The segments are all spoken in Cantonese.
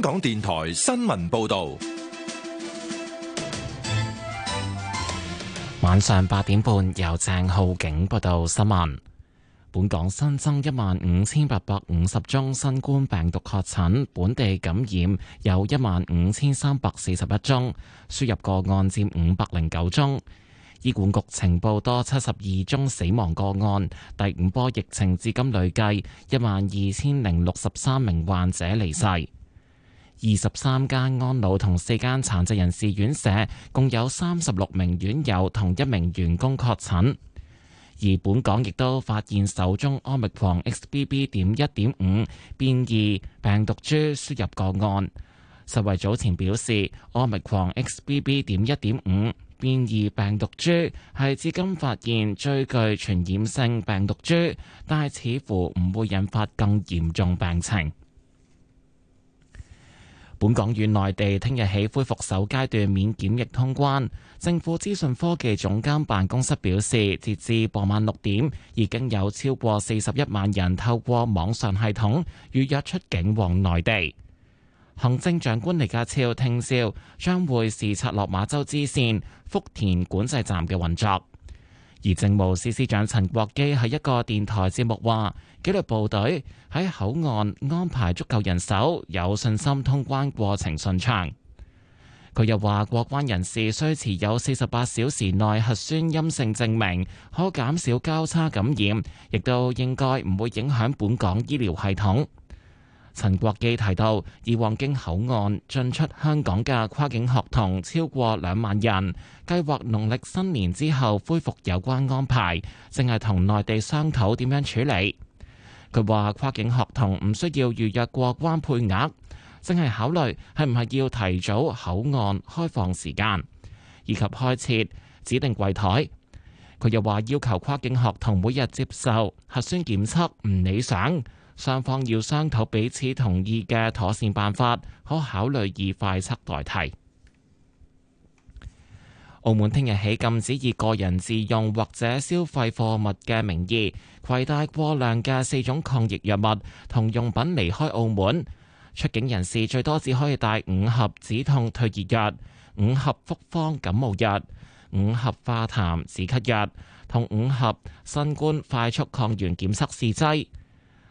香港電台新聞報道，晚上八點半由鄭浩景報道新聞。本港新增一萬五千八百五十宗新冠病毒確診，本地感染有一萬五千三百四十一宗，輸入個案佔五百零九宗。醫管局情報多七十二宗死亡個案，第五波疫情至今累計一萬二千零六十三名患者離世。二十三間安老同四間殘疾人士院舍共有三十六名院友同一名員工確診，而本港亦都發現首宗奧密狂 XBB. 點一點五變異病毒株輸入個案。世衛早前表示，奧密狂 XBB. 點一點五變異病毒株係至今發現最具傳染性病毒株，但係似乎唔會引發更嚴重病情。本港與內地聽日起恢復首階段免檢疫通關，政府資訊科技總監辦公室表示，截至傍晚六點，已經有超過四十一萬人透過網上系統預約出境往內地。行政長官李家超聽朝將會視察落馬洲支線福田管制站嘅運作。而政務司司長陳國基喺一個電台節目話，紀律部隊喺口岸安排足夠人手，有信心通關過程順暢。佢又話，過關人士需持有四十八小時內核酸陰性證明，可減少交叉感染，亦都應該唔會影響本港醫療系統。陳國基提到，以往經口岸進出香港嘅跨境學童超過兩萬人，計劃農曆新年之後恢復有關安排，淨係同內地商討點樣處理。佢話跨境學童唔需要預約過關配額，淨係考慮係唔係要提早口岸開放時間以及開設指定櫃檯。佢又話要求跨境學童每日接受核酸檢測唔理想。雙方要商討彼此同意嘅妥善辦法，可考慮以快測代替。澳門聽日起禁止以個人自用或者消費貨物嘅名義攜帶過量嘅四種抗疫藥物同用品離開澳門。出境人士最多只可以帶五盒止痛退熱藥、五盒複方感冒藥、五盒化痰止咳藥同五盒新冠快速抗原檢測試劑。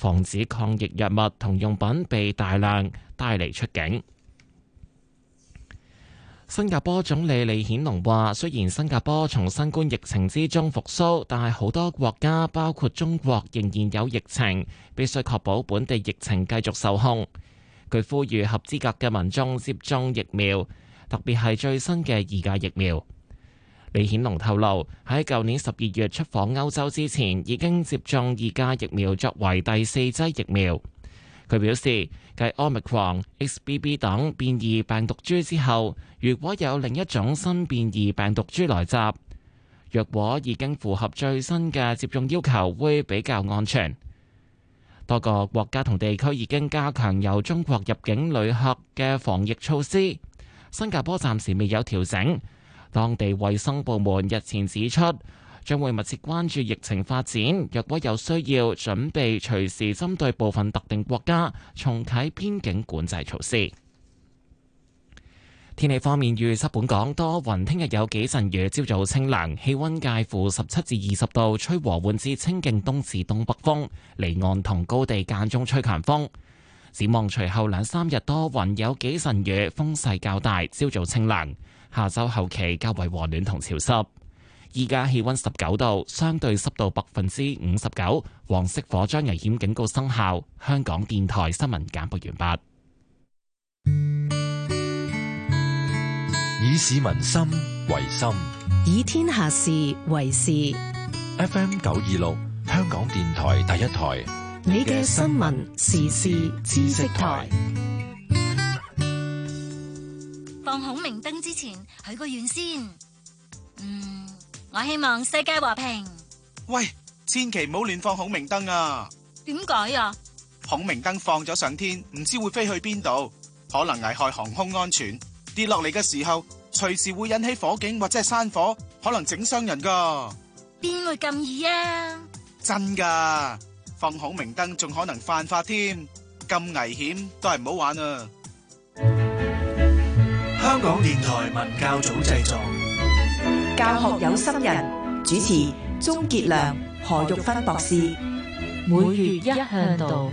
防止抗疫藥物同用品被大量帶離出境。新加坡總理李顯龍話，雖然新加坡從新冠疫情之中復甦，但係好多國家，包括中國，仍然有疫情，必須確保本地疫情繼續受控。佢呼籲合資格嘅民眾接種疫苗，特別係最新嘅二價疫苗。李顯龍透露，喺舊年十二月出訪歐洲之前，已經接種二價疫苗作為第四劑疫苗。佢表示，繼 Omicron、XBB 等變異病毒株之後，如果有另一種新變異病毒株來襲，若果已經符合最新嘅接種要求，會比較安全。多個國家同地區已經加強由中國入境旅客嘅防疫措施，新加坡暫時未有調整。當地衛生部門日前指出，將會密切關注疫情發展。若果有需要，準備隨時針對部分特定國家重啟邊境管制措施。天氣方面，預測本港多雲，聽日有幾陣雨，朝早清涼，氣温介乎十七至二十度，吹和緩至清勁東至東北風，離岸同高地間中吹強風。展望隨後兩三日多雲，有幾陣雨，風勢較大，朝早清涼。下周後期較為和暖同潮濕，依家氣溫十九度，相對濕度百分之五十九，黃色火災危險警告生效。香港電台新聞簡報完畢，以市民心為心，以天下事為事。FM 九二六，香港電台第一台，你嘅新聞時事知識台。放孔明燈之前許個願先，嗯，我希望世界和平。喂，千祈唔好亂放孔明燈啊！點解啊？孔明燈放咗上天，唔知會飛去邊度，可能危害航空安全。跌落嚟嘅時候，隨時會引起火警或者係山火，可能整傷人噶。邊會咁易啊？真噶，放孔明燈仲可能犯法添，咁危險都係唔好玩啊！香港電台文教組製作，教學有心人主持，鍾傑良、何玉芬博士，每月一嚮導。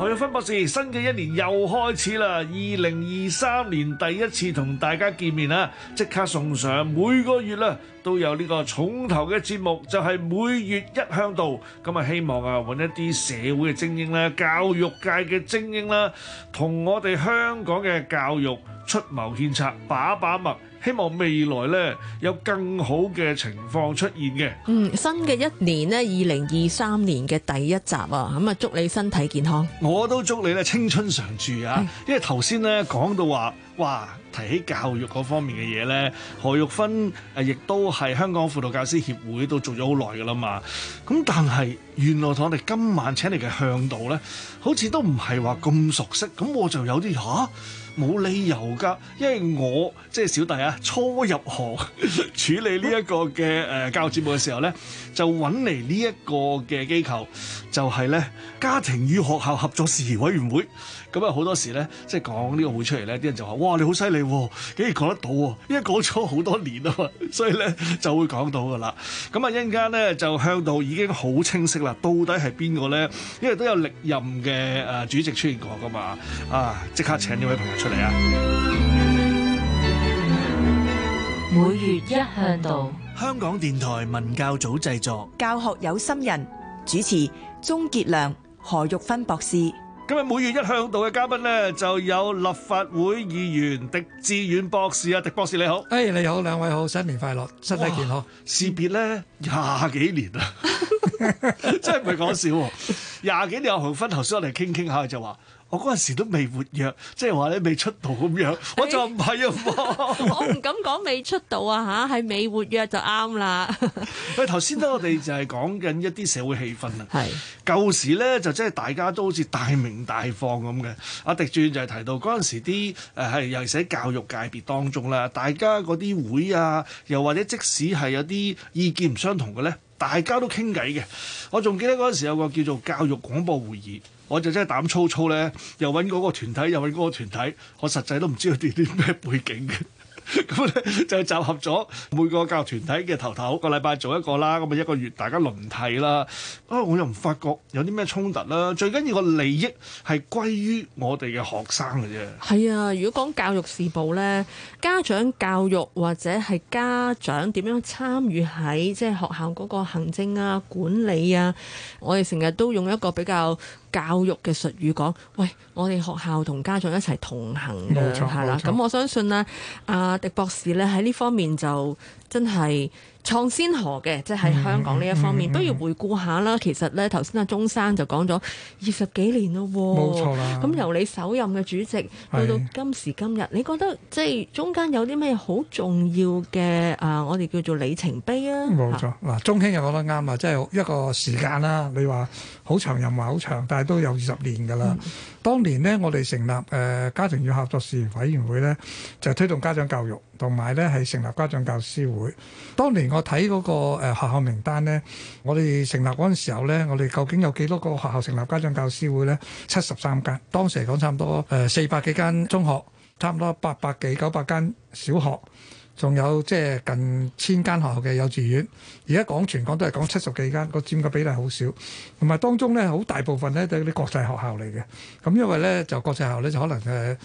我係何玉芬博士，新嘅一年又開始啦！二零二三年第一次同大家見面啦，即刻送上每個月啦都有呢個重頭嘅節目，就係、是、每月一嚮導。咁啊，希望啊揾一啲社會嘅精英啦、教育界嘅精英啦，同我哋香港嘅教育出謀獻策，把把脈。希望未來咧有更好嘅情況出現嘅。嗯，新嘅一年咧，二零二三年嘅第一集啊，咁啊，祝你身體健康。我都祝你咧青春常駐啊！是因為頭先咧講到話，哇～提起教育方面嘅嘢咧，何玉芬誒、呃、亦都係香港輔導教師協會都做咗好耐噶啦嘛。咁但係原來同我哋今晚請嚟嘅向導咧，好似都唔係話咁熟悉。咁我就有啲吓冇理由㗎，因為我即係小弟啊，初入學 處理呢一個嘅誒教育節目嘅時候咧，就揾嚟、就是、呢一個嘅機構就係咧家庭與學校合作事宜委員會。咁啊好多時咧，即係講呢個會出嚟咧，啲人就話：哇，你好犀利！竟然講得到，因為講咗好多年啊嘛，所以咧就會講到噶啦。咁啊，一陣間咧就嚮導已經好清晰啦，到底係邊個咧？因為都有歷任嘅誒主席出現過噶嘛。啊，即刻請呢位朋友出嚟啊！每月一嚮導，香港電台文教組製作，教學有心人主持，鍾杰良、何玉芬博士。今日每月一嚮導嘅嘉賓咧，就有立法會議員狄志遠博士啊，狄博士你好，誒、哎、你好，兩位好，新年快樂，身體健康，士別咧廿幾年啦， 真係唔係講笑，廿幾年又同分頭商嚟傾傾下佢就話。我嗰陣時都未活躍，即係話你未出道咁樣，我就唔係啊 我唔敢講未出道啊嚇，係未活躍就啱啦。喂，頭先咧我哋就係講緊一啲社會氣氛啊。係舊時咧就即係大家都好似大鳴大放咁嘅。阿狄志遠就係提到嗰陣時啲誒係，尤其是喺教育界別當中咧，大家嗰啲會啊，又或者即使係有啲意見唔相同嘅咧，大家都傾偈嘅。我仲記得嗰陣時有個叫做教育廣播會議。我就真係膽粗粗咧，又揾嗰個團體，又揾嗰個團體，我實際都唔知道佢哋啲咩背景嘅。咁咧 就集合咗每個教育團體嘅頭頭，一個禮拜做一個啦。咁啊，一個月大家輪替啦。啊，我又唔發覺有啲咩衝突啦。最緊要個利益係歸於我哋嘅學生嘅啫。係啊，如果講教育事務呢，家長教育或者係家長點樣參與喺即係學校嗰個行政啊、管理啊，我哋成日都用一個比較教育嘅術語講，喂，我哋學校同家長一齊同行嘅，係啦。咁我相信啊，啊狄博士咧喺呢方面就真係，創先河嘅，即係香港呢一方面，不如、嗯嗯、回顧下啦。嗯、其實咧，頭先阿中山就講咗二十幾年咯，冇錯啦。咁由你首任嘅主席去是到今時今日，你覺得即係中間有啲咩好重要嘅啊？我哋叫做里程碑啊！冇錯，嗱，中興又講得啱啊！即、就、係、是、一個時間啦。你話好長又唔係好長，但係都有二十年㗎喇。嗯、當年呢，我哋成立誒、呃、家庭與合作事業委員會呢，就是、推動家長教育。同埋咧，係成立家長教師會。當年我睇嗰個誒學校名單呢，我哋成立嗰陣時候呢，我哋究竟有幾多個學校成立家長教師會呢？七十三間。當時嚟講，差唔多誒四百幾間中學，差唔多八百幾九百間小學。仲有即係近千間學校嘅幼稚園，而家講全港都係講七十幾間，個佔嘅比例好少，同埋當中咧好大部分咧都係啲國際學校嚟嘅。咁因為咧就國際學校咧就可能誒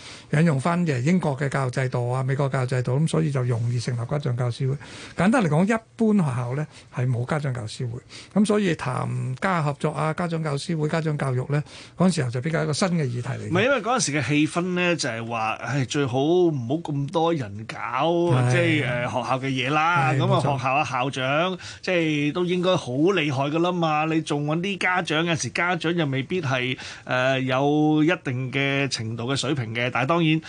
引用翻嘅英國嘅教育制度啊、美國教育制度，咁所以就容易成立家長教師會。簡單嚟講，一般學校咧係冇家長教師會，咁所以談家校合作啊、家長教師會、家長教育咧嗰陣時候就比較一個新嘅議題嚟。唔係因為嗰陣時嘅氣氛咧就係話，係最好唔好咁多人搞，即係、哎呃、學校嘅嘢啦，咁啊、哎、學校啊校長，即係都應該好厲害噶啦嘛。你仲揾啲家長，有時家長又未必係誒、呃、有一定嘅程度嘅水平嘅。但係當然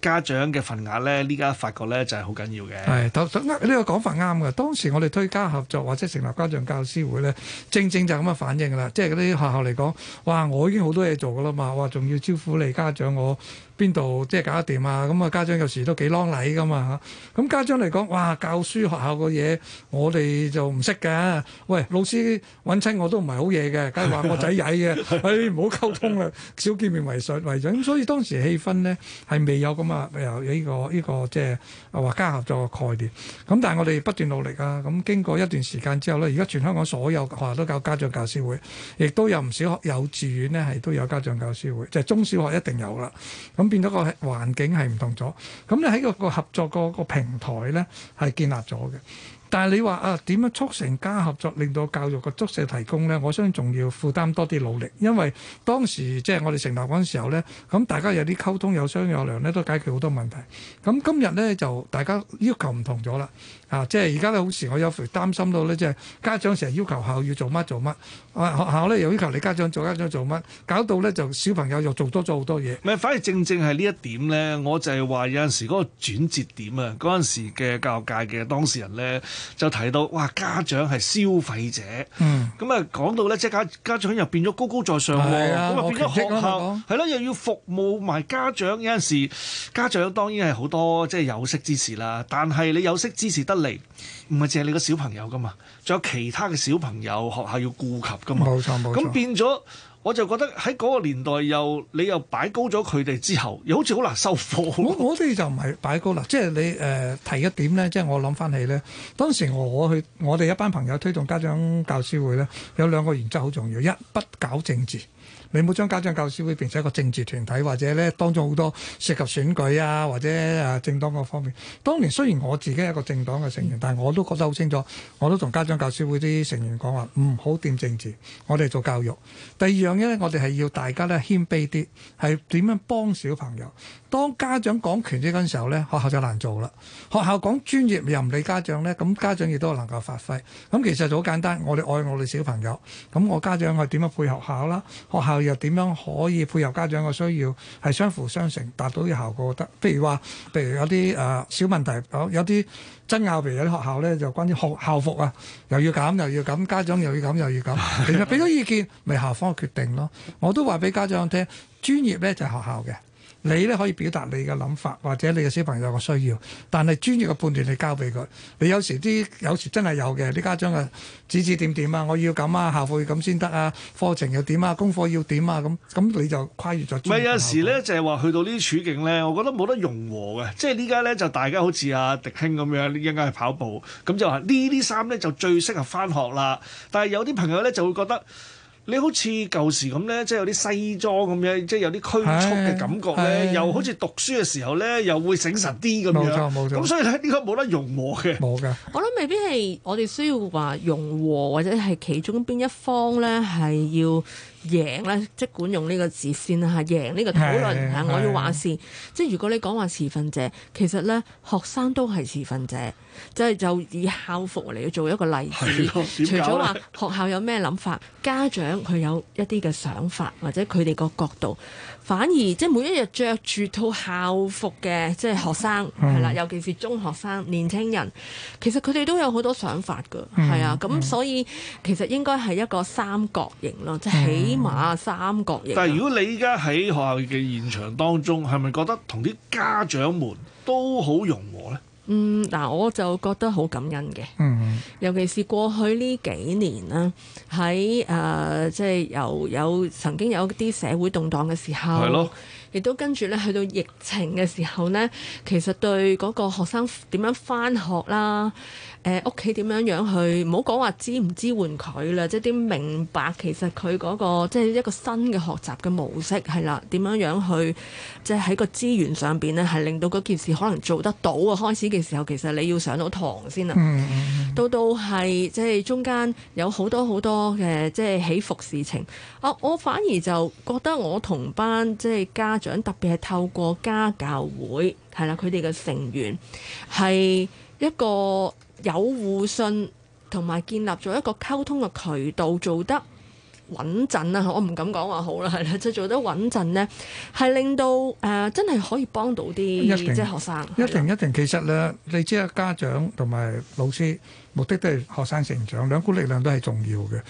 家長嘅份額咧，呢家發覺咧就係好緊要嘅。係，等等呢個講法啱噶。當時我哋推家合作或者成立家長教師會咧，正正就咁嘅反應噶啦。即係嗰啲學校嚟講，哇，我已經好多嘢做噶啦嘛，哇，仲要招呼你家長我。邊度即係搞得掂啊？咁啊家長有時都幾啷禮噶嘛，咁、啊、家長嚟講，哇，教書學校個嘢，我哋就唔識嘅。喂，老師揾親我都唔係好嘢嘅，梗係話我仔曳嘅。唉，唔好溝通啦，少見面為上為準。咁、啊、所以當時氣氛咧係未有咁啊，有呢、呢個呢、呢個即係話家校合作嘅概念。咁但係我哋不斷努力啊。咁經過一段時間之後咧，而家全香港所有學校都搞家長教師會，亦都有唔少幼稚園咧係都有家長教師會。就係、中小學一定有啦。咁、啊變咗個環境係唔同咗，咁你喺個合作個平台咧係建立咗嘅。但係你話啊，點樣促成加合作，令到教育個足勢提供咧？我相信仲要負擔多啲努力，因為當時即係我哋成立嗰陣時候咧，咁大家有啲溝通有商有量咧，都解決好多問題。咁今日咧就大家要求唔同咗啦。啊，即係而家咧好時，我有時擔心到咧，即係家長成日要求校要做乜做乜，話、啊、學校咧又要求你家長做家長做乜，搞到咧就小朋友又做多咗好多嘢。唔係，反而正正係呢一點咧，我就係話有陣時嗰個轉折點啊，嗰陣時嘅教育界嘅當事人咧就提到，哇，家長係消費者。咁啊、嗯，講到咧，即係家家長又變咗高高在上喎，咁啊變咗學校，係咯、啊，啊、又要服務埋家長。有陣時家長當然係好多即係、就是、有識之士啦，但係你有識之士得。嚟唔係淨係你個小朋友噶嘛，仲有其他嘅小朋友學校要顧及噶嘛。冇錯，冇錯。咁變咗，我就覺得喺嗰個年代又你又擺高咗佢哋之後，又好似好難收貨。我我哋就唔係擺高啦，即係你誒、呃、提一點咧，即係我諗翻起咧，當時我去我哋一班朋友推動家長教師會咧，有兩個原則好重要，一不搞政治。你冇將家長教師會變成一個政治團體，或者咧當中好多涉及選舉啊，或者誒、啊、政黨嗰方面。當年雖然我自己係一個政黨嘅成員，但我都覺得好清楚，我都同家長教師會啲成員講話，唔、嗯、好掂政治，我哋做教育。第二樣嘢咧，我哋係要大家咧謙卑啲，係點樣幫小朋友。當家長講權嗰陣時候咧，學校就難做啦。學校講專業又唔理家長咧，咁家長亦都能夠發揮。咁其實就好簡單，我哋愛我哋小朋友，咁我家長係點樣配合學校啦？學校。又點樣可以配合家長嘅需要，係相輔相成，達到嘅效果得？譬如話，譬如有啲誒、呃、小問題，有啲爭拗，譬如有啲學校咧，就關於校校服啊，又要減又要減，家長又要減又要減，其實俾咗意見，咪校方決定咯。我都話俾家長聽，專業咧就係、是、學校嘅。你咧可以表達你嘅諗法或者你嘅小朋友嘅需要，但係專業嘅判斷你交俾佢。你有時啲有時真係有嘅啲家長啊，指指點點啊，我要咁啊，校服咁先得啊，課程又點啊，功課要點啊，咁咁你就跨越咗。咪有時咧就係、是、話去到呢啲處境咧，我覺得冇得融和嘅，即係呢家咧就大家好似阿、啊、狄兄咁樣，一陣去跑步，咁就話呢啲衫咧就最適合返學啦。但係有啲朋友咧就會覺得。你好似舊時咁咧，即係有啲西裝咁樣，即係有啲拘束嘅感覺咧，又好似讀書嘅時候咧，又會醒神啲咁樣。冇錯冇錯。咁所以咧，呢個冇得融和嘅。冇嘅。我諗未必係我哋需要話融和，或者係其中邊一方咧係要。贏咧，即管用呢個字先啦。贏呢個討論，係我要話先。即係如果你講話持份者，其實咧學生都係持份者，即係就以校服嚟做一個例子。除咗話學校有咩諗法，家長佢有一啲嘅想法，或者佢哋個角度。反而即係每一日着住套校服嘅即係學生係啦、嗯，尤其是中學生、年青人，其實佢哋都有好多想法㗎，係啊、嗯，咁所以、嗯、其實應該係一個三角形咯，即係起碼三角形。嗯、但係如果你依家喺學校嘅現場當中，係咪覺得同啲家長們都好融和咧？嗯，嗱，我就覺得好感恩嘅，嗯、哼尤其是過去呢幾年啦，喺誒、呃、即係由有曾經有啲社會動盪嘅時候，亦咯都跟住咧去到疫情嘅時候呢，其實對嗰個學生點樣返學啦。誒屋企點樣樣去，唔好講話支唔支援佢啦，即係點明白其實佢嗰個即係一個新嘅學習嘅模式係啦，點樣樣去即係喺個資源上邊咧，係令到嗰件事可能做得到啊！開始嘅時候其實你要上到堂先啊，到到係即係中間有好多好多嘅即係起伏事情啊！我反而就覺得我同班即係家長特別係透過家教會係啦，佢哋嘅成員係一個。有互信同埋建立咗一個溝通嘅渠道，做得穩陣啊！我唔敢講話好啦，係啦，即做得穩陣呢係令到誒、呃、真係可以幫到啲即係學生，一定一定。其實咧，你知啊，家長同埋老師。目的都係學生成長，兩股力量都係重要嘅。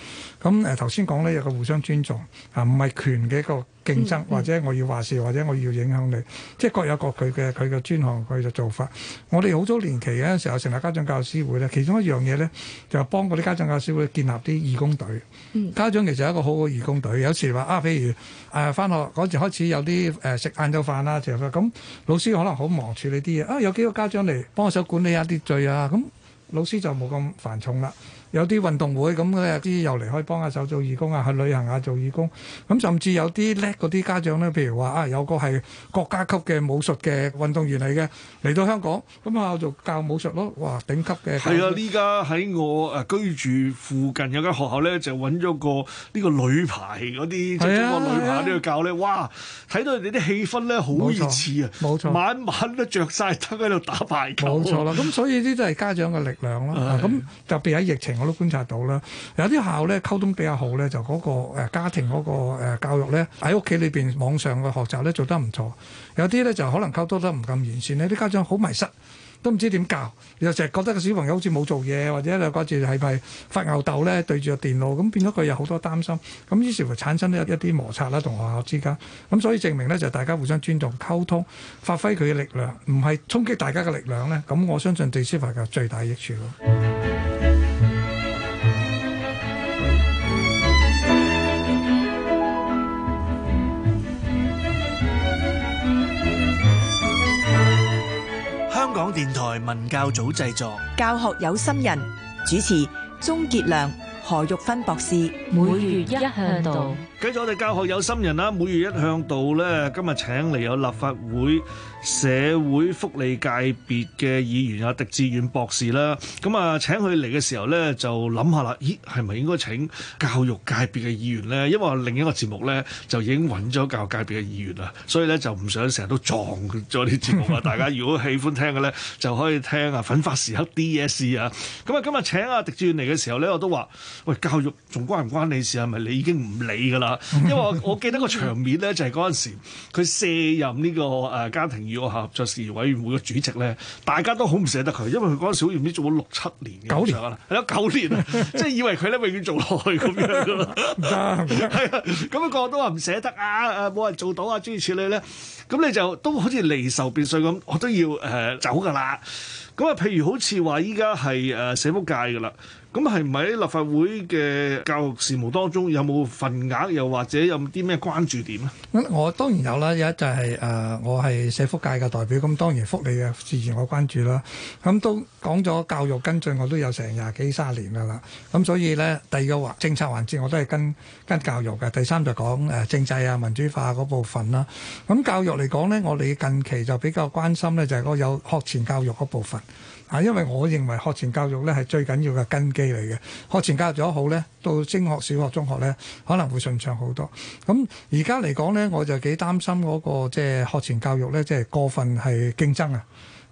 咁誒頭先講咧有個互相尊重啊，唔係權嘅一個競爭，嗯嗯、或者我要話事，或者我要影響你，即係各有各佢嘅佢嘅專項佢嘅做法。我哋好早年期嘅時候成立家長教師會咧，其中一樣嘢咧就係、幫嗰啲家長教師會建立啲義工隊。嗯、家長其實係一個好好義工隊。有時話啊，譬如誒翻、呃、學嗰陣開始有啲誒食晏晝飯啦、啊，成咁老師可能好忙處理啲嘢啊，有幾個家長嚟幫手管理下啲罪啊咁。啊啊啊老師就冇咁繁重啦。有啲運動會咁嘅啲又嚟可以幫下手做義工啊，去旅行啊做義工。咁甚至有啲叻嗰啲家長咧，譬如話啊，有個係國家級嘅武術嘅運動員嚟嘅，嚟到香港咁啊，我就教武術咯。哇，頂級嘅係啊！呢家喺我誒居住附近有間學校咧，就揾咗個呢個女排嗰啲，即係中國女排呢個教咧，啊啊、哇！睇到佢哋啲氣氛咧好熱似啊！冇錯，晚晚都着晒燈喺度打排球。冇錯啦，咁所以呢啲都係家長嘅力量咯。咁特別喺疫情。我都觀察到啦，有啲學校咧溝通比較好咧，就嗰、那個、呃、家庭嗰、那個、呃、教育咧喺屋企裏邊網上嘅學習咧做得唔錯。有啲咧就可能溝通得唔咁完善呢啲家長好迷失，都唔知點教。又成日覺得個小朋友好似冇做嘢，或者又掛住係咪發吽哣咧對住個電腦，咁變咗佢有好多擔心。咁於是乎產生咗一啲摩擦啦，同學校之間。咁所以證明咧就大家互相尊重、溝通、發揮佢嘅力量，唔係衝擊大家嘅力量咧。咁我相信對小朋友嘅最大益處咯。港電台文教組製作，教學有心人主持鍾杰良。何玉芬博士每月一嚮導。繼續我哋教學有心人啦。每月一嚮導咧，今日請嚟有立法會社會福利界別嘅議員阿狄志遠博士啦。咁啊，請佢嚟嘅時候咧，就諗下啦，咦，係咪應該請教育界別嘅議員咧？因為另一個節目咧，就已經揾咗教育界別嘅議員啦，所以咧就唔想成日都撞咗啲節目啊。 大家如果喜歡聽嘅咧，就可以聽啊，奮發時刻 DSE 啊。咁啊，今日請阿狄志遠嚟嘅時候咧，我都話。喂，教育仲關唔關你事，啊？係咪你已經唔理噶啦？因為我記得個場面咧，就係嗰陣時佢卸任呢、呢個誒、啊、家庭與學校合作事業委員會嘅主席咧，大家都好唔捨得佢，因為佢嗰陣時好似唔知做咗六七年嘅九年係啊九年啊，年 即係以為佢咧永遠做落去咁樣噶啦，唔係啊，咁樣個個都話唔捨得啊，誒、啊、冇人做到啊，諸如此類咧，咁你就都好似離愁別緒咁，我都要誒、呃、走噶啦。咁啊，譬如好似話依家係誒社福界噶啦。咁係唔係喺立法會嘅教育事務當中，有冇份額？又或者有啲咩關注點咧？我當然有啦，有一就係誒，我係社福界嘅代表，咁當然福利嘅事我關注啦。咁都講咗教育跟進，我都有成廿幾三十年噶啦。咁所以咧，第二個環政策環節，我都係跟跟教育嘅。第三就講誒政制啊、民主化嗰部分啦。咁教育嚟講咧，我哋近期就比較關心咧，就係嗰有學前教育嗰部分。啊，因為我認為學前教育咧係最緊要嘅根基嚟嘅，學前教育咗好咧，到升學、小學、中學咧可能會順暢好多。咁而家嚟講咧，我就幾擔心嗰個即係學前教育咧，即係過分係競爭啊。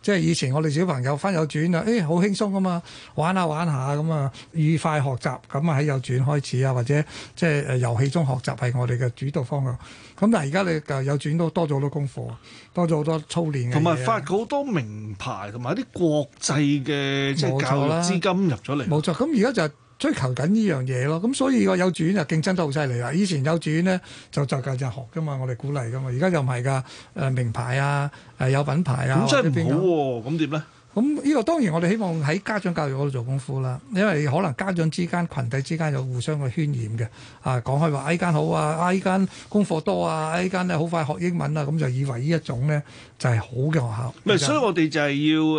即係以前我哋小朋友翻幼稚園啊，誒、欸、好輕鬆噶嘛，玩下玩下咁啊，愉快學習咁啊喺幼稚園開始啊，或者即係誒遊戲中學習係我哋嘅主導方向。咁但係而家你幼稚園都多咗好多功課，多咗好多操練嘅。同埋發好多名牌，同埋一啲國際嘅即係教育資金入咗嚟。冇錯，錯，咁而家就係追求緊呢樣嘢咯，咁所以個幼稚園就競爭得好犀利啦。以前幼稚園咧就就教就學噶嘛，我哋鼓勵噶嘛，而家就唔係噶誒名牌啊，誒有品牌啊，競爭好咁點咧？咁呢個當然我哋希望喺家長教育嗰度做功夫啦，因為可能家長之間、群體之間有互相嘅渲染嘅。啊，講開話 A 間好啊，啊依間功課多啊，A 間咧好快學英文啦，咁就以為呢一種咧。就係好嘅學校，唔係，所以我哋就係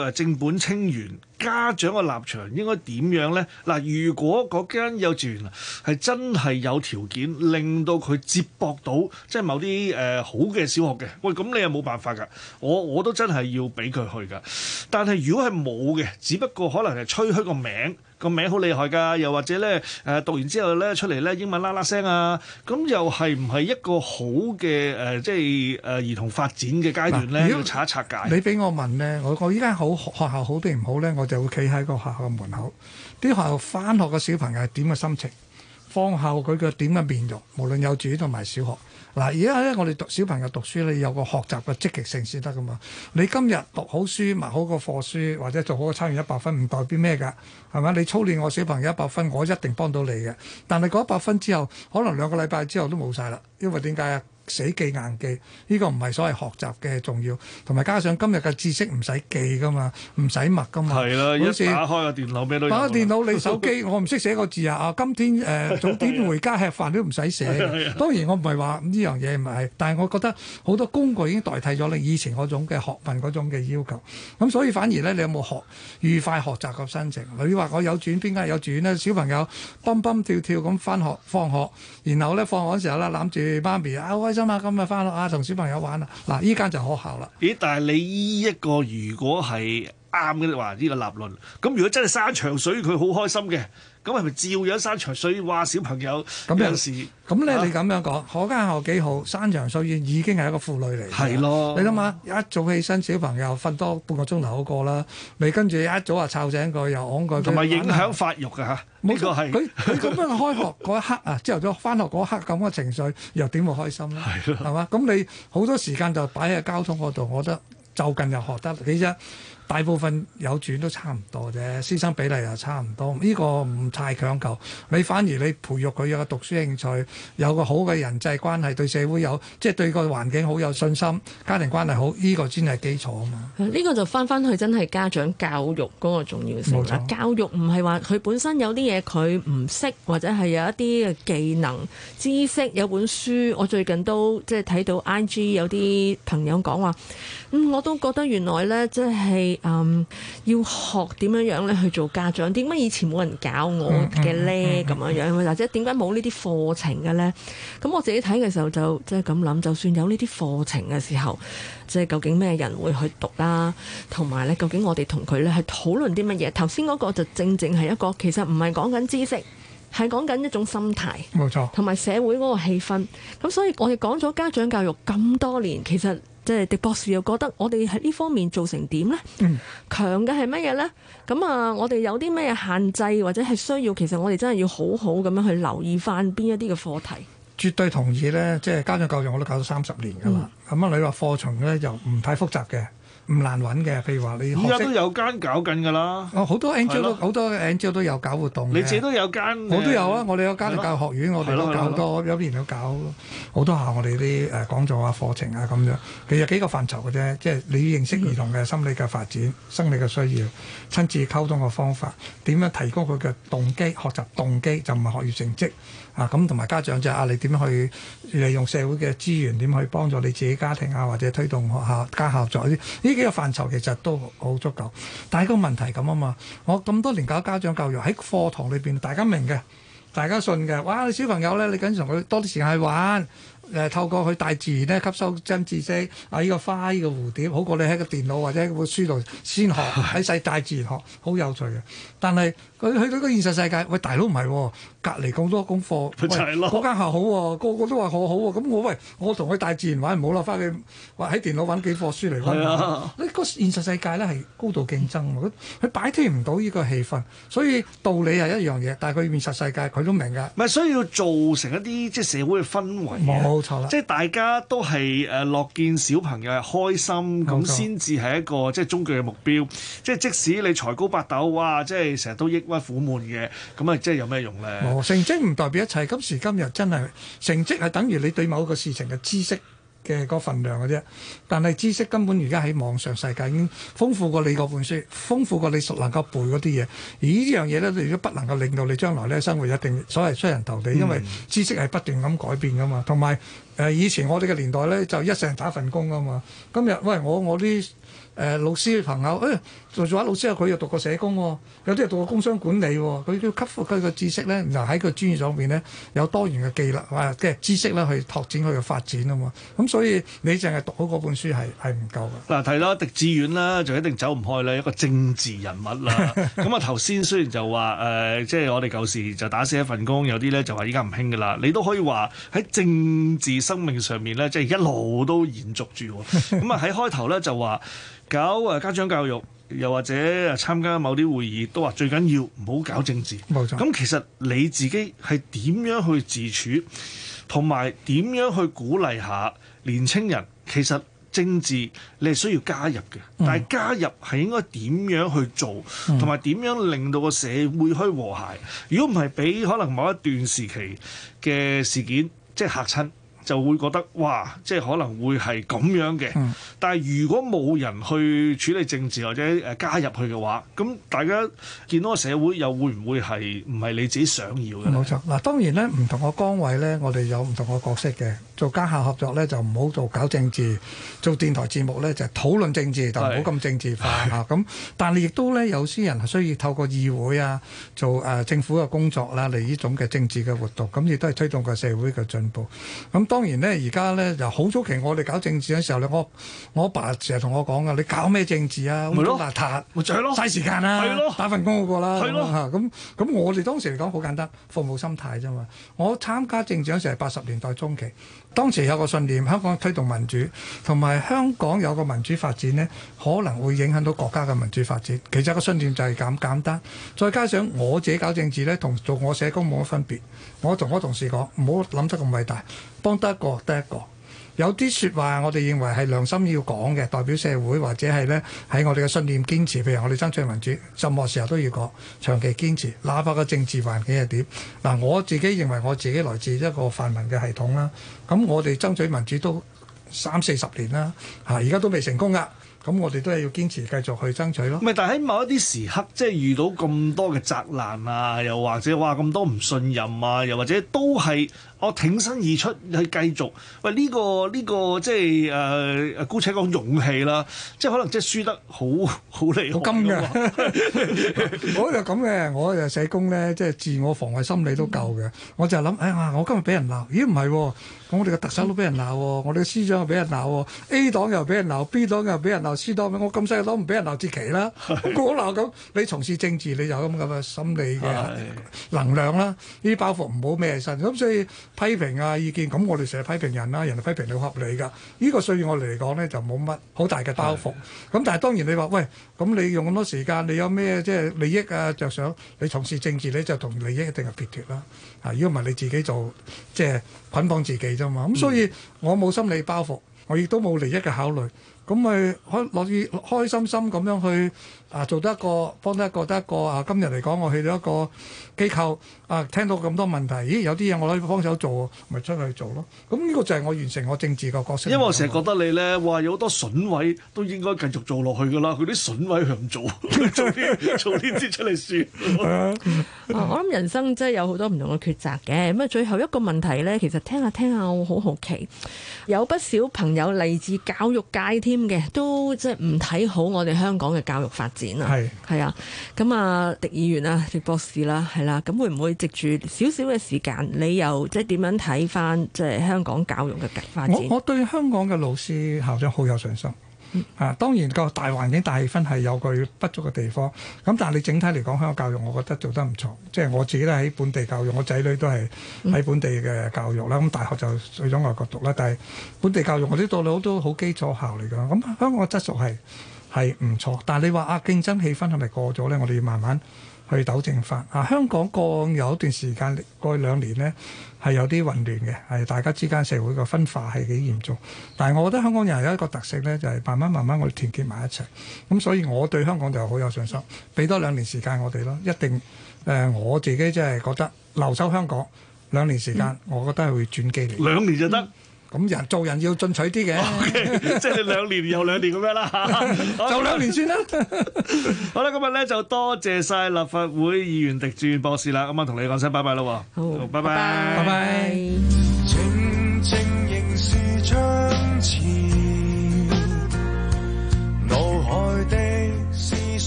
要誒正本清源。家長嘅立場應該點樣咧？嗱，如果嗰間幼稚園啊係真係有條件令到佢接駁到即係、就是、某啲誒、呃、好嘅小學嘅，喂，咁你又冇辦法㗎。我我都真係要俾佢去㗎。但係如果係冇嘅，只不過可能係吹噓個名。個名好厲害㗎，又或者咧誒、呃、讀完之後咧出嚟咧英文啦啦聲啊，咁又係唔係一個好嘅誒、呃，即係誒、呃、兒童發展嘅階段咧？如果拆一拆解，你俾我問咧，我我依間好學校好定唔好咧，我就會企喺個學校嘅門口，啲學校翻學嘅小朋友係點嘅心情，放學佢嘅點嘅面容，無論幼稚園同埋小學。嗱，而家咧，我哋讀小朋友讀書，你有個學習嘅積極性先得噶嘛。你今日讀好書，默好個課書，或者做好個參與一百分，唔代表咩㗎？係咪？你操練我小朋友一百分，我一定幫到你嘅。但係嗰一百分之後，可能兩個禮拜之後都冇晒啦。因為點解啊？死記硬記，呢、這個唔係所謂學習嘅重要，同埋加上今日嘅知識唔使記㗎嘛，唔使默㗎嘛。係啦的，像一打開個電腦咩你，打開電腦，你手機， 我唔識寫個字啊！啊，今天誒、呃、早點回家吃飯 都唔使寫。 當然我唔係話呢樣嘢唔係，但係我覺得好多工具已經代替咗你以前嗰種嘅學問嗰種嘅要求。咁所以反而咧，你有冇學愉快學習嘅心情？你如話我幼稚園邊間幼稚園咧，小朋友蹦蹦跳跳咁返學放學，然後咧放學嗰時候咧攬住媽咪啊開啊嘛，今日翻學啊，同小朋友玩啦。嗱，依間就學校啦。咦？但係你依一個如果係啱嘅話，呢、呢個立論，咁如果真係山長水，佢好開心嘅。咁係咪照樣,長樣、啊、山長水遠話小朋友？咁有時咁咧，你咁樣講，可間學校幾好，山長水遠已經係一個負累嚟。係咯，你諗下，一早起身，小朋友瞓多半個鐘頭好過啦。你跟住一早啊，摷醒佢又戇佢，同埋有正影響發育啊！冇錯呢個係佢佢咁樣開學嗰一刻啊，朝頭 早翻學嗰一刻咁嘅情緒，又點會開心咧？係咯，係嘛？咁你好多時間就擺喺交通嗰度，我覺得就近又學得幾啫。大部分有轉都差唔多啫，師生比例又差唔多，呢、這個唔太強求。你反而你培育佢有個讀書興趣，有個好嘅人際關係，對社會有即係、就是、對個環境好有信心，家庭關係好，呢、這個先係基礎啊嘛。呢個就返返去真係家長教育嗰個重要性。冇錯。教育唔係話佢本身有啲嘢佢唔識，或者係有一啲嘅技能、知識有本書。我最近都即係睇到 IG 有啲朋友講話，咁、嗯、我都覺得原來呢，即係。嗯，要學點樣樣咧去做家長？點解以前冇人教我嘅呢？咁 樣樣，或者點解冇呢啲課程嘅呢？咁我自己睇嘅時候就即係咁諗，就算有呢啲課程嘅時候，即係究竟咩人會去讀啦？同埋咧，究竟我哋同佢咧去討論啲乜嘢？頭先嗰個就正正係一個其實唔係講緊知識，係講緊一種心態，冇錯，同埋社會嗰個氣氛。咁所以我哋講咗家長教育咁多年，其實。即係狄博士又覺得我哋喺呢方面做成點咧？嗯、強嘅係乜嘢咧？咁啊，我哋有啲咩限制或者係需要？其實我哋真係要好好咁樣去留意翻邊一啲嘅課題。絕對同意咧，即係家長教育我都搞咗三十年㗎啦。咁啊、嗯，你話課程咧又唔太複雜嘅。唔難揾嘅，譬如話你依家都有間搞緊噶啦。哦，好多 Angel 都好的多 Angel 都有搞活動。你自己都有間。我都有啊，嗯、我哋有家庭教育學院，的我哋都搞好有的一年，都搞好多，的多下我哋啲誒講座啊、課程啊咁樣。其實有幾個範疇嘅啫，即係你認識兒童嘅心理嘅發展、生理嘅需要、親子溝通嘅方法，點樣提高佢嘅動機、學習動機，就唔係學業成績。啊咁同埋家長就壓力點樣去利用社會嘅資源，點去幫助你自己家庭啊，或者推動學校家校合作啲呢幾個範疇，其實都好足夠。但係個問題咁啊嘛，我咁多年搞家長教育喺課堂裏邊，大家明嘅，大家信嘅，哇！你小朋友咧，你跟從佢多啲時間去玩。誒透過去大自然咧，吸收真知識，啊依、呢個花呢、呢個蝴蝶，好過你喺個電腦或者喺本書度先學喺世 大自然學，好有趣嘅。但係佢去到個現實世界，喂，大佬唔係喎，隔離咁多功課，喂，嗰錯間學校好喎、哦，個個都話我好喎，咁我喂，我同佢大自然玩，唔好攞翻佢，或喺電腦揾幾課書嚟揾。你個 現實世界咧係高度競爭，佢擺脫唔到呢個氣氛，所以道理係一樣嘢，但係佢現實世界佢都明㗎。咪所以要造成一啲即係社會嘅氛圍。 即係大家都係誒、呃、樂見小朋友係開心，咁先至係一個即係終極嘅目標。即係冇錯，即使你才高八斗，哇！即係成日都抑鬱苦悶嘅，咁啊，即係有咩用咧？成績唔代表一切，今時今日真係成績係等於你對某一個事情嘅知識。嘅個份量嘅啫，但係知識根本而家喺網上世界已經豐富過你嗰本書，豐富過你能夠背嗰啲嘢。而呢樣嘢咧，你如果不能夠令到你將來咧生活一定所謂出人頭地，因為知識係不斷咁改變噶嘛，同埋。誒以前我哋嘅年代咧就一成打一份工㗎嘛，今日喂我我啲誒、呃、老師嘅朋友誒、哎、做做下老師啊，佢又讀過社工喎、哦，有啲又讀過工商管理喎、哦，佢都要吸附佢嘅知識咧，就喺佢專業上面咧有多元嘅技能，啊、即係知識咧去拓展佢嘅發展啊嘛，咁、嗯、所以你淨係讀好嗰本書係係唔夠嘅。嗱提到，狄志遠啦，就一定走唔開啦，一個政治人物啦。咁啊頭先雖然就話誒、呃，即係我哋舊時就打死一份工，有啲咧就話依家唔興㗎啦，你都可以話喺政治。生命上面咧，即係一路都延續住。咁啊， 喺開頭咧就話搞啊家長教育，又或者參加某啲會議，都話最緊要唔好搞政治。冇錯。咁其實你自己係點樣去自處，同埋點樣去鼓勵下年青人？其實政治你係需要加入嘅，但係加入係應該點樣去做，同埋點樣令到個社會去和諧？如果唔係，俾可能某一段時期嘅事件即係嚇親。就會覺得嘩，即係可能會係咁樣嘅。嗯、但係如果冇人去處理政治或者誒加入去嘅話，咁大家見到個社會又會唔會係唔係你自己想要嘅？冇錯嗱，當然咧，唔同個崗位咧，我哋有唔同個角色嘅。做家校合作咧就唔好做搞政治，做電台節目咧就係、是、討論政治，就唔好咁政治化嚇。咁是的 但係亦都咧有啲人係需要透過議會啊，做誒、呃、政府嘅工作啦、啊，嚟呢種嘅政治嘅活動，咁亦都係推動個社會嘅進步。咁、嗯、當然咧，而家咧就好早期我哋搞政治嘅時候咧，我我阿爸成日同我講噶，你搞咩政治啊？咁好邋遢，咪就係咯，嘥時間啊，咯打份工好過啦嚇。咁咁咯我哋當時嚟講好簡單，服務心態啫嘛。我參加政治嗰時係八十年代中期。當時有個信念，香港推動民主，同埋香港有個民主發展呢，可能會影響到國家嘅民主發展。其實個信念就係咁簡單。再加上我自己搞政治呢，同做我社工冇乜分別。我同我同事講，唔好諗得咁偉大，幫得一個得一個。有啲説話我哋認為係良心要講嘅，代表社會或者係咧，喺我哋嘅信念堅持，譬如我哋爭取民主，任何時候都要講長期堅持，哪怕個政治環境係點？嗱，我自己認為我自己來自一個泛民嘅系統啦，咁我哋爭取民主都三四十年啦，嚇而家都未成功噶，咁我哋都係要堅持繼續去爭取咯。唔係，但係喺某一啲時刻，即係遇到咁多嘅責難啊，又或者哇咁多唔信任啊，又或者都係。我挺身而出去繼續，喂呢個、呢個即係誒姑且講勇氣啦，即係可能即係輸得好好嚟金嘅，我就咁嘅，我就社工咧，即係自我防衞心理都夠嘅，我就係諗，哎呀，我今日俾人鬧，咦唔係，咁我哋個特首都俾人鬧喎，我哋個、哦、司長、哦、又俾人鬧喎，A 黨又俾人鬧，B 黨又俾人鬧，C 黨我咁細嘅黨唔俾人鬧至奇啦，我鬧咁，你從事政治你就咁嘅心理嘅能量啦，呢啲是包袱唔好孭身，咁所以。批評啊，意見，咁我哋成日批評人啦，人哋批評你好合理噶，這個，呢個對我嚟講咧就冇乜好大嘅包袱。咁的但係當然你話喂，咁你用咁多時間，你有咩即係利益啊，着想？你從事政治你就同利益一定係撇脫啦。啊，如果唔係你自己做，即係捆綁自己啫嘛。咁所以我冇心理包袱，我亦都冇利益嘅考慮。咁咪可以開開心心咁樣去。啊，做得一個，幫得一個，得一個啊！今日嚟講，我去咗一個機構啊，聽到咁多問題，咦，有啲嘢我可以幫手做咪出去做咯。咁呢個就係我完成我政治個角色。因為我成日覺得你咧，哇，有好多筍位都應該繼續做落去㗎啦。佢啲筍位佢唔做，做啲做啲出嚟算 啊。我諗人生真係有好多唔同嘅抉擇嘅。咁啊，最後一個問題咧，其實聽下聽下，我好好奇，有不少朋友嚟自教育界添嘅，都即係唔睇好我哋香港嘅教育發展。展是啊，係，係啊，咁啊，狄議員啊，狄博士啦、啊，係啦、啊，咁會唔會藉住少少嘅時間，你又即係點樣睇翻即係香港教育嘅發展？我我對香港嘅老師校長好有信心、嗯、啊！當然個大環境大氣氛係有個不足嘅地方，咁但係你整體嚟講，香港教育我覺得做得唔錯。即、就、係、是、我自己都喺本地教育，我仔女都係喺本地嘅教育啦。咁、嗯、大學就去咗外國讀啦，但係本地教育我啲道理都好基礎校嚟㗎。咁香港嘅質素係。係唔錯，但係你話啊，競爭氣氛係咪過咗呢？我哋要慢慢去糾正翻啊！香港過有一段時間，過去兩年呢，係有啲混亂嘅，係大家之間社會個分化係幾嚴重。但係我覺得香港人有一個特色呢，就係、是、慢慢慢慢我哋團結埋一齊。咁所以我對香港就好有信心，俾多兩年時間我哋咯，一定誒、呃、我自己即係覺得留守香港兩年時間，嗯、我覺得係會轉機嚟。兩年就得。嗯咁人做人要進取啲嘅，okay, 即係兩年又兩年咁樣啦， 就兩年算啦。 好啦，今日咧就多謝晒立法會議員狄志遠博士啦，今晚同你講聲拜拜啦，好，拜拜，拜拜。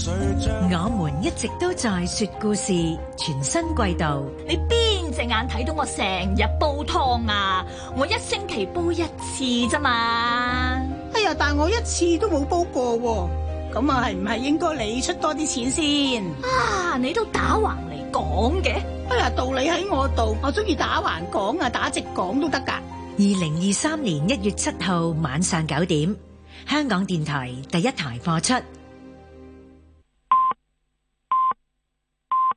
我們一直都在說故事，全新季度。你邊隻眼睇到我成日煲湯啊？我一星期煲一次啫嘛。哎呀，但我一次都冇煲過啊，咁啊係唔係應該你出多啲錢先啊？你都打橫嚟講嘅，哎呀，道理喺我度，我中意打橫講啊，打直講都得㗎。二零二三年一月七號晚上九點，香港電台第一台播出。